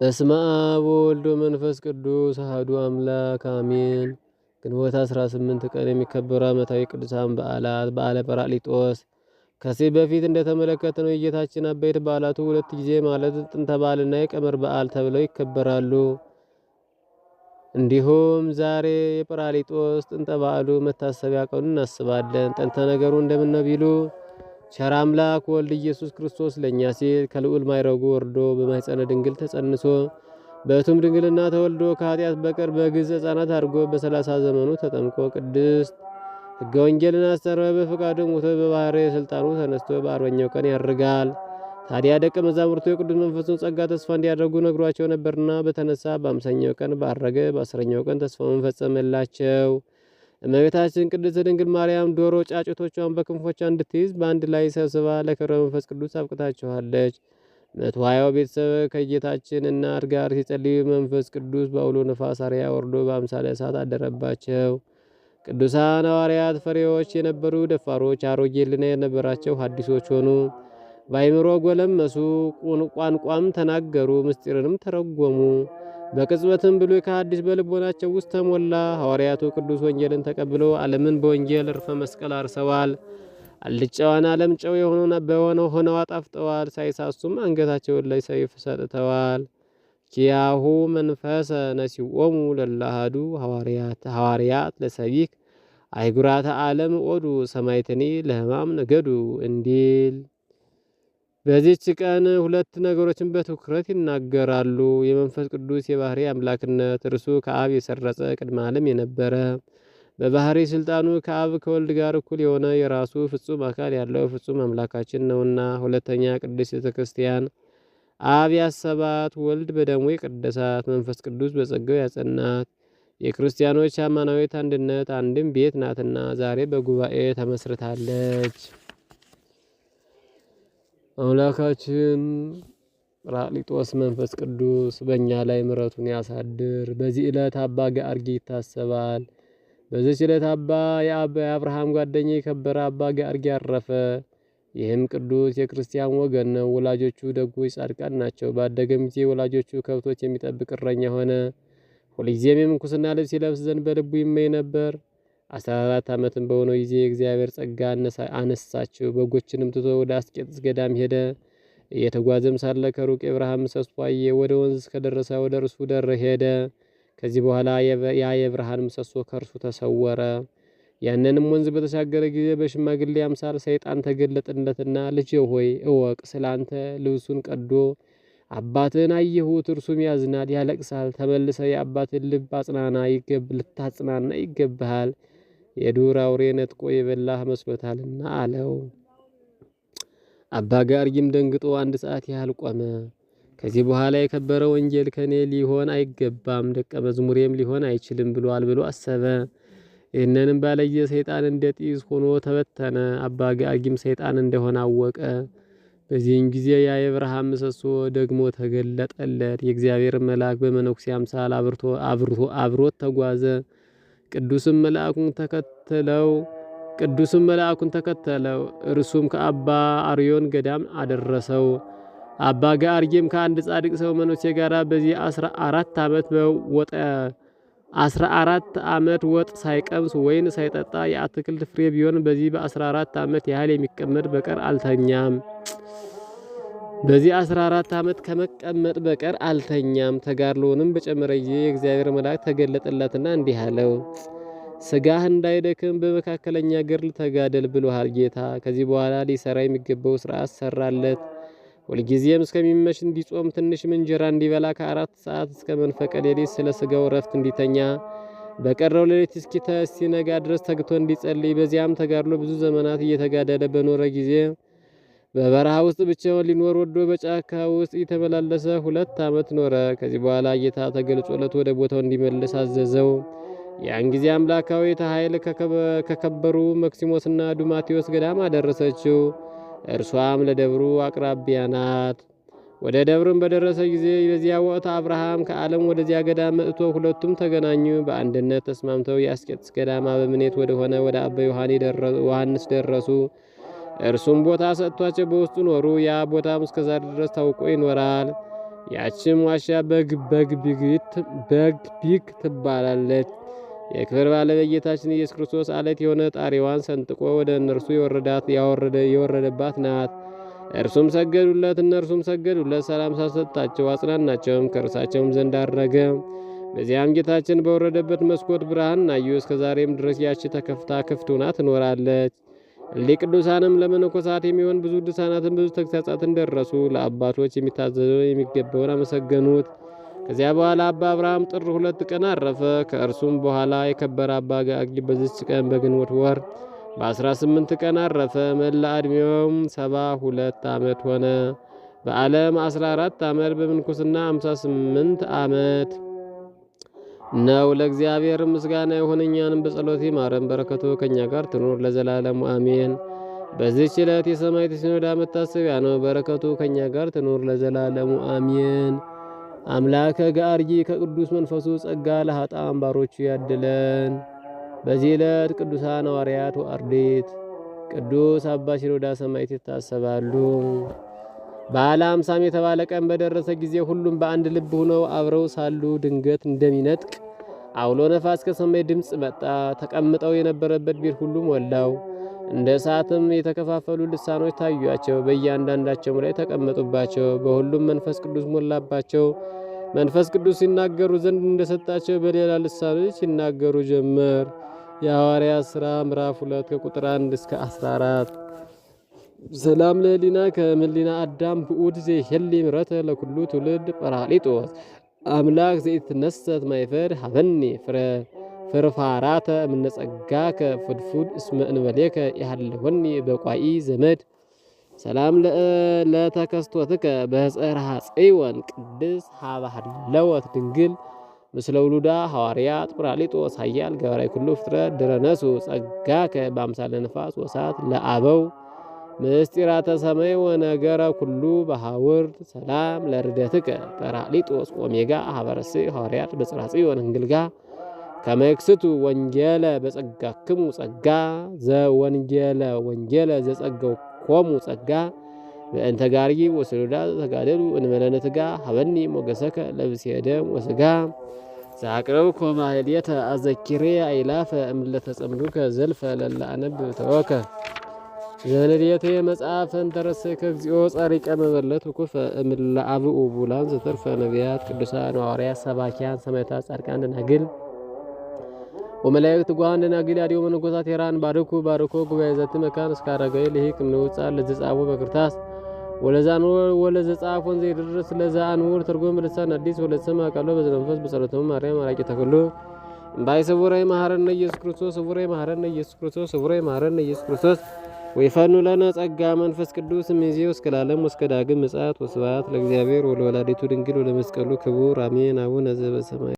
በስመ አብ ወወልድ ወመንፈስ ቅዱስ አሐዱ አምላክ አሜን። ግንቦት 18 ቀን የሚከበሩ ዓመታዊ ቅዱሳን በዓላት በዓለ ጰራቅሊጦስ ከዚህ በፊት እንደተመለከትነው የጌታችን አበይት በዓላቱ ሁለት ጊዜ ማለት ጥንተ በዓልና የቀመር በዓል ተብለው ይከበራሉ። እንዲሁም ዛሬ የጰራቅሊጦስ ጥንተ በዓሉ መታሰቢያ ቀኑ እናስባለን። ጥንተ ነገሩ እንደምን ነው ቢሉ ቸር አምላክ ወልድ ኢየሱስ ክርስቶስ ለእኛ ሲል ከልዑል ማይረጉ ወርዶ በማኅፀነ ድንግል ተጸንሶ በእቱም ድንግልና ተወልዶ ከኃጢአት በቀር በግዝ ሕፃናት አድርጎ በሰላሳ ዘመኑ ተጠምቆ ቅድስት ሕገ ወንጌልን አስተረ በፈቃዱ ሞቶ በባሕርይ ሥልጣኑ ተነስቶ በአርበኛው ቀን ያርጋል። ታዲያ ደቀ መዛሙርቱ የቅዱስ መንፈሱን ጸጋ ተስፋ እንዲያደርጉ ነግሯቸው ነበርና በተነሳ በአምሳኛው ቀን ባረገ፣ በአስረኛው ቀን ተስፋውን ፈጸመላቸው። እመቤታችን ቅድስት ድንግል ማርያም ዶሮ ጫጩቶቿን በክንፎቿ እንድትይዝ በአንድ ላይ ሰብስባ ለክብረ መንፈስ ቅዱስ አብቅታችኋለች። መቶ ሀያው ቤተሰብ ከጌታችን እናት ጋር ሲጸልዩ መንፈስ ቅዱስ በአውሎ ነፋስ አርያ ወርዶ በአምሳለ እሳት አደረባቸው። ቅዱሳን ሐዋርያት ፈሪዎች የነበሩ ደፋሮች፣ አሮጌ ልና የነበራቸው ሐዲሶች ሆኑ። በአይምሮ ጎለመሱ፣ ቋንቋም ተናገሩ፣ ምስጢርንም ተረጎሙ። በቅጽበትም ብሉይ ከአዲስ በልቦናቸው ውስጥ ተሞላ። ሐዋርያቱ ቅዱስ ወንጌልን ተቀብለው ዓለምን በወንጌል እርፈ መስቀል አርሰዋል። አልጫዋን ዓለም ጨው በሆነው ሆነው አጣፍጠዋል። ሳይሳሱም አንገታቸውን ላይ ሰይፍ ሰጥተዋል። ኪያሁ መንፈሰ ነሲኦሙ ለላሃዱ ሐዋርያት ለሰቢክ አይጉራተ ዓለም ኦዱ ሰማይትኒ ለህማም ነገዱ እንዲል በዚህች ቀን ሁለት ነገሮችን በትኩረት ይናገራሉ። የመንፈስ ቅዱስ የባህሪ አምላክነት፣ እርሱ ከአብ የሰረጸ ቅድመ ዓለም የነበረ በባህሪ ስልጣኑ ከአብ ከወልድ ጋር እኩል የሆነ የራሱ ፍጹም አካል ያለው ፍጹም አምላካችን ነውና። ሁለተኛ ቅድስት ቤተ ክርስቲያን አብ ያሰባት፣ ወልድ በደሙ የቀደሳት፣ መንፈስ ቅዱስ በጸጋው ያጸናት የክርስቲያኖች ሃይማናዊት አንድነት አንድም ቤት ናትና ዛሬ በጉባኤ ተመስርታለች። አምላካችን ጰራቅሊጦስ መንፈስ ቅዱስ በእኛ ላይ ምረቱን ያሳድር። በዚህ ዕለት አባ ገአርጌ ይታሰባል። በዚች ዕለት አባ የአብርሃም ጓደኛ የከበረ አባ ጋርጊ አረፈ። ይህም ቅዱስ የክርስቲያን ወገን ነው። ወላጆቹ ደጎች ጻድቃን ናቸው። ባደገም ጊዜ ወላጆቹ ከብቶች የሚጠብቅ እረኛ ሆነ። ሁልጊዜም የምንኩስና ልብስ ይለብስ ዘንድ በልቡ ይመኝ ነበር። አስራ አራት ዓመትም በሆነው ጊዜ እግዚአብሔር ጸጋ አነሳቸው። በጎችንም ትቶ ወደ አስቄጥስ ገዳም ሄደ። እየተጓዘም ሳለ ከሩቅ የብርሃን ምሰሶ አየ። ወደ ወንዝ ከደረሰ ወደ እርሱ ደር ሄደ። ከዚህ በኋላ ያ የብርሃን ምሰሶ ከእርሱ ተሰወረ። ያንንም ወንዝ በተሻገረ ጊዜ በሽማግሌ አምሳል ሰይጣን ተገለጥለትና ልጄ ሆይ እወቅ፣ ስለ አንተ ልብሱን ቀዶ አባትህን አየሁት፣ እርሱም ያዝናል፣ ያለቅሳል። ተመልሰ የአባትን ልብ አጽናና፣ ልታጽናና ይገብሃል። የዱር አውሬ ነጥቆ የበላህ መስሎታልና አለው። አባ ጋርጊም ደንግጦ አንድ ሰዓት ያህል ቆመ። ከዚህ በኋላ የከበረ ወንጌል ከኔ ሊሆን አይገባም፣ ደቀ መዝሙሬም ሊሆን አይችልም ብሏል ብሎ አሰበ። ይህንንም ባለየ ሰይጣን እንደ ጢስ ሆኖ ተበተነ። አባ ጋርጊም ሰይጣን እንደሆነ አወቀ። በዚህን ጊዜ ያ የብርሃን ምሰሶ ደግሞ ተገለጠለት። የእግዚአብሔር መልአክ በመነኩሴ አምሳል አብርቶ አብሮት ተጓዘ። ቅዱስም መልአኩን ተከተለው ቅዱስም መልአኩን ተከተለው እርሱም ከአባ አርዮን ገዳም አደረሰው። አባ ጋርጌም ከአንድ ጻድቅ ሰው መኖቼ ጋራ በዚህ 14 አራት ዓመት በወጠ አስራ ዓመት ወጥ ሳይቀምስ ወይን ሳይጠጣ የአትክልት ፍሬ ቢሆን በዚህ በ14 ዓመት ያህል የሚቀመጥ በቀር አልተኛም። በዚህ 14 ዓመት ከመቀመጥ በቀር አልተኛም። ተጋድሎንም በጨመረ ጊዜ የእግዚአብሔር መልአክ ተገለጠላትና እንዲህ አለው፣ ስጋህ እንዳይደክም በመካከለኛ ገድል ተጋደል ብሎሃል ጌታ። ከዚህ በኋላ ሊሰራ የሚገባው ስርዓት ሰራለት። ሁልጊዜም እስከሚመሽ እንዲጾም ትንሽም እንጀራ እንዲበላ ከአራት ሰዓት እስከ መንፈቀ ሌሊት ስለ ስጋው ረፍት እንዲተኛ በቀረው ሌሊት እስኪነጋ ድረስ ተግቶ እንዲጸልይ በዚያም ተጋድሎ ብዙ ዘመናት እየተጋደለ በኖረ ጊዜ በበረሃ ውስጥ ብቻውን ሊኖር ወዶ በጫካ ውስጥ የተመላለሰ ሁለት ዓመት ኖረ። ከዚህ በኋላ ጌታ ተገልጾለት ወደ ቦታው እንዲመለስ አዘዘው። ያን ጊዜ አምላካዊ ኃይል ከከበሩ መክሲሞስና ዱማቴዎስ ገዳም አደረሰችው። እርሷም ለደብሩ አቅራቢያ ናት። ወደ ደብርም በደረሰ ጊዜ በዚያ ወቅት አብርሃም ከዓለም ወደዚያ ገዳም መጥቶ ሁለቱም ተገናኙ። በአንድነት ተስማምተው የአስቄጥስ ገዳም አበምኔት ወደሆነ ወደ አባ ዮሐንስ ደረሱ። እርሱም ቦታ ሰጥቷቸው በውስጡ ኖሩ። ያ ቦታም እስከዛሬ ድረስ ታውቆ ይኖራል። ያችም ዋሻ በግ በግቢግ ትባላለች። የክብር ባለቤት ጌታችን ኢየሱስ ክርስቶስ አለት የሆነ ጣሪዋን ሰንጥቆ ወደ እነርሱ የወረዳት የወረደባት ናት። እርሱም ሰገዱለት፣ እነርሱም ሰገዱለት። ሰላም ሳሰጣቸው አጽናናቸውም፣ ከእርሳቸውም ዘንድ አረገ። በዚያም ጌታችን በወረደበት መስኮት ብርሃን አዩ። እስከዛሬም ድረስ ያች ተከፍታ ክፍት ሆና ትኖራለች። ለቅዱሳንም ለመነኮሳት የሚሆን ብዙ ድርሳናትን ብዙ ተግሳጻትን ደረሱ። ለአባቶች የሚታዘዘው የሚገባውን አመሰገኑት። ከዚያ በኋላ አባ አብርሃም ጥር ሁለት ቀን አረፈ። ከእርሱም በኋላ የከበረ አባ ጋጊ በዚች ቀን በግንቦት ወር በ18 ቀን አረፈ። መላ ዕድሜውም 72 ዓመት ሆነ። በዓለም 14 ዓመት በምንኩስና 58 ዓመት ነው። ለእግዚአብሔር ምስጋና ይሁን፣ እኛንም በጸሎት ይማረን፣ በረከቱ ከእኛ ጋር ትኑር ለዘላለሙ አሜን። በዚህች ዕለት የሰማዕት ሲኖዳ መታሰቢያ ነው። በረከቱ ከእኛ ጋር ትኑር ለዘላለሙ አሜን። አምላከ ጋርጂ ከቅዱስ መንፈሱ ጸጋ ለሀጣ አምባሮቹ ያድለን። በዚህ ዕለት ቅዱሳን ሐዋርያት ወአርድእት ቅዱስ አባ ሲኖዳ ሰማዕት ይታሰባሉ። በዓለ አምሳም የተባለ ቀን በደረሰ ጊዜ ሁሉም በአንድ ልብ ሆነው አብረው ሳሉ ድንገት እንደሚነጥቅ አውሎ ነፋስ ከሰማይ ድምፅ መጣ። ተቀምጠው የነበረበት ቤት ሁሉ ሞላው። እንደ እሳትም የተከፋፈሉ ልሳኖች ታዩአቸው፣ በእያንዳንዳቸውም ላይ ተቀመጡባቸው። በሁሉም መንፈስ ቅዱስ ሞላባቸው። መንፈስ ቅዱስ ሲናገሩ ዘንድ እንደሰጣቸው በሌላ ልሳኖች ሲናገሩ ጀመር። የሐዋርያ ሥራ ምዕራፍ 2 ከቁጥር 1 እስከ 14 ሰላም ለህሊና ከመሊና አዳም ብኡድ ዜሄሊ ምረተ ለኩሉ ትውልድ ጰራቅሊጦስ አምላክ ዘይትነሰት ማይፈድ ሀበኒ ፍርፋራተ እምነጸጋከ ፍድፉድ እስመ እንበሌከ ያሃልወኒ በቋኢ ዘመድ ሰላም ለተከስቶትከ በጽርሐ ጽዮን ቅድስ ሃባህለወት ድንግል ምስለ ውሉዳ ሐዋርያ ጰራቅሊጦስ ኃያል ገበራይ ኩሉ ፍጥረት ድረነሱ ጸጋከ በአምሳለ ነፋስ ወሳት ለአበው ምስጢራተ ሰማይ ወነገረ ኩሉ በሐውርድ ሰላም ለርደትከ ጰራቅሊጦስ ኦሜጋ አኀበረሴ ሐዋርያት በጽራጽ ጽዮን እንግልጋ ከመክስቱ ወንጌለ በጸጋክሙ ጸጋ ዘወንጌለ ወንጌለ ዘጸጋው ኮሙ ጸጋ በእንተ ጋርጊ ወስሉዳ ተጋደሉ እንመለነት ጋ ሀበኒ ሞገሰከ ለብሴ ደም ወስጋ ዛቅረብ ኮማህልየተ አዘኪሬ አይላፈ እምለተጸምዱከ ዘልፈ ለላአነብ ተወከ ዘንዴቴ መጽሐፈን ተረሰከ እግዚኦ ጻሪቀ መበለት ኩፈ አብኡ ቡላን ዘተርፈ ነቢያት ቅዱሳን ሐዋርያት ሰባኪያን ሰማዕታት ጻድቃን ደናግል ወመላእክት ጓን ደናግል ያዲው መነኮሳት ሄራን ባርኩ ባርኮ ጉባኤ ዘት መካን እስካረገ ልሂቅ ምንውጻ ለዘጻቦ በክርታስ ወለዛን ወለዘ ጻፎን ዘይድርስ ለዛን ወር ትርጉም ልሳን አዲስ ወለሰማ ቃሎ በዘመንፈስ በጸሎተ ማርያም አራቂ ተክሎ እምባይ ስቡረይ መሐረነ ኢየሱስ ክርስቶስ ስቡረይ መሐረነ ኢየሱስ ክርስቶስ ስቡረይ መሐረነ ኢየሱስ ክርስቶስ ወይፈኑ ለነ ጸጋ መንፈስ ቅዱስ እምይእዜው እስከ ለዓለም ወእስከ ዳግም ምጽአት ወስብሐት ለእግዚአብሔር ወለወላዲቱ ድንግል ወለመስቀሉ ክቡር አሜን። አቡነ ዘበሰማያት